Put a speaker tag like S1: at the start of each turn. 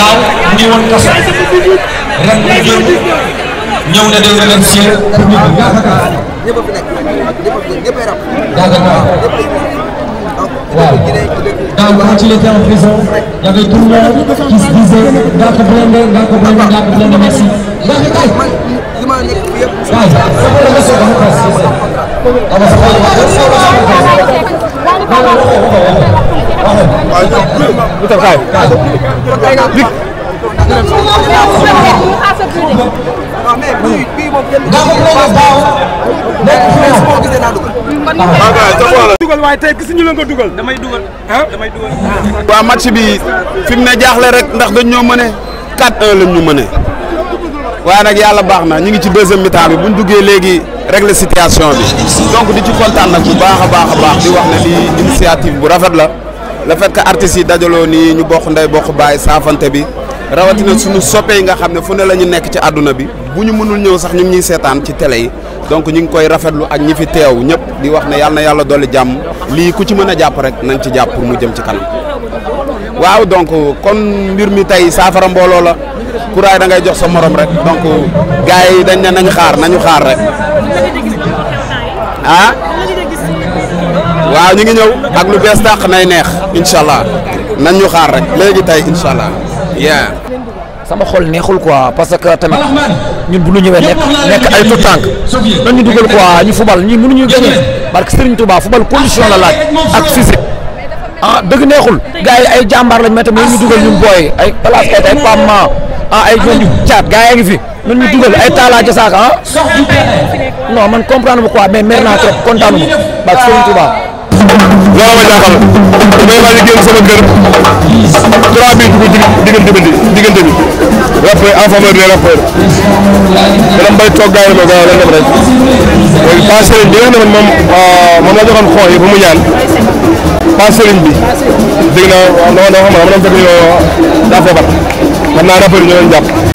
S1: daaw mu ngi woon kasa ren mu génn ñëw na day remercier public bi Gafaka Gafaka waaw daaw quand il était en prison y avait tout le monde qui se disait Ngaaka Blindé Ngaaka Blindé Ngaaka Blindé merci Ngaaka kay lu tax kaay dik dugal waaye tey dugal damay dugal damay dugal match bi fi mu ne jaaxle rek ndax dañ ñoo mëne 4-1 lañ ñu mëne waaye nag yàlla baax na ñu ngi ci deuxième mi-temps bi buñ duggee léegi régle situation bi donc di ci kontaan nag bu baax a baax a di wax ne lii initiative bu rafet la la fait que yi dajaloo nii ñu bokk ndey bokk baay saafante bi rawatina suñu soppee yi nga xam ne fu ne la ñu nekk ci àdduna bi bu ñu mënul ñëw sax ñu ngi ñuy seetaan ci tele yi donc ñu ngi koy rafetlu ak ñi fi teew ñëpp di wax ne yàlla na yàlla dolli jàmm lii ku ci mën a jàpp rek nañ ci jàpp pour mu jëm ci kanam waaw donc kon mbir mi tey saafara mbooloo la kuraay da ngay jox sa morom rek donc gars yi dañ de nañ xaar nañu xaar rek ah waaw ñu ngi ñëw ak lu bees tàq nay neex incha allah nañ ñu xaar rek léegi tey incha allah sama xol neexul quoi parce que tamit ñun bu ñu ñëwee nekk nekk ay tout tànk nan ñu dugal quoi ñu fubal ñun mënuñu gagné barke Serigne Touba fubal condition la laaj ak physique ah dëgg neexul gars yi ay jàmbaar lañ mais tamit ñu dugal ñun booy ay place kay ay pamma ah ay ñoom caat gars yaa ngi fi nan dugal ay Talla Diasaka ah non man comprendre bu quoi mais mer naa trop kontaanu ma barke Serigne Touba. looloo ma jaaxal damay waaj a génn sama kër trois minutes bu diggante bi diggante bi rappeur en faveur des rappeurs dana mbay toog gars yi ma a dem rek léegi pas Serigne bi nga xam ne moom moom la joxoon xooy ba mu ñaan pas Serigne bi dégg naa non non xam nga dama doon fekk ñu daa foobat xam naa rappeur yi ñoo leen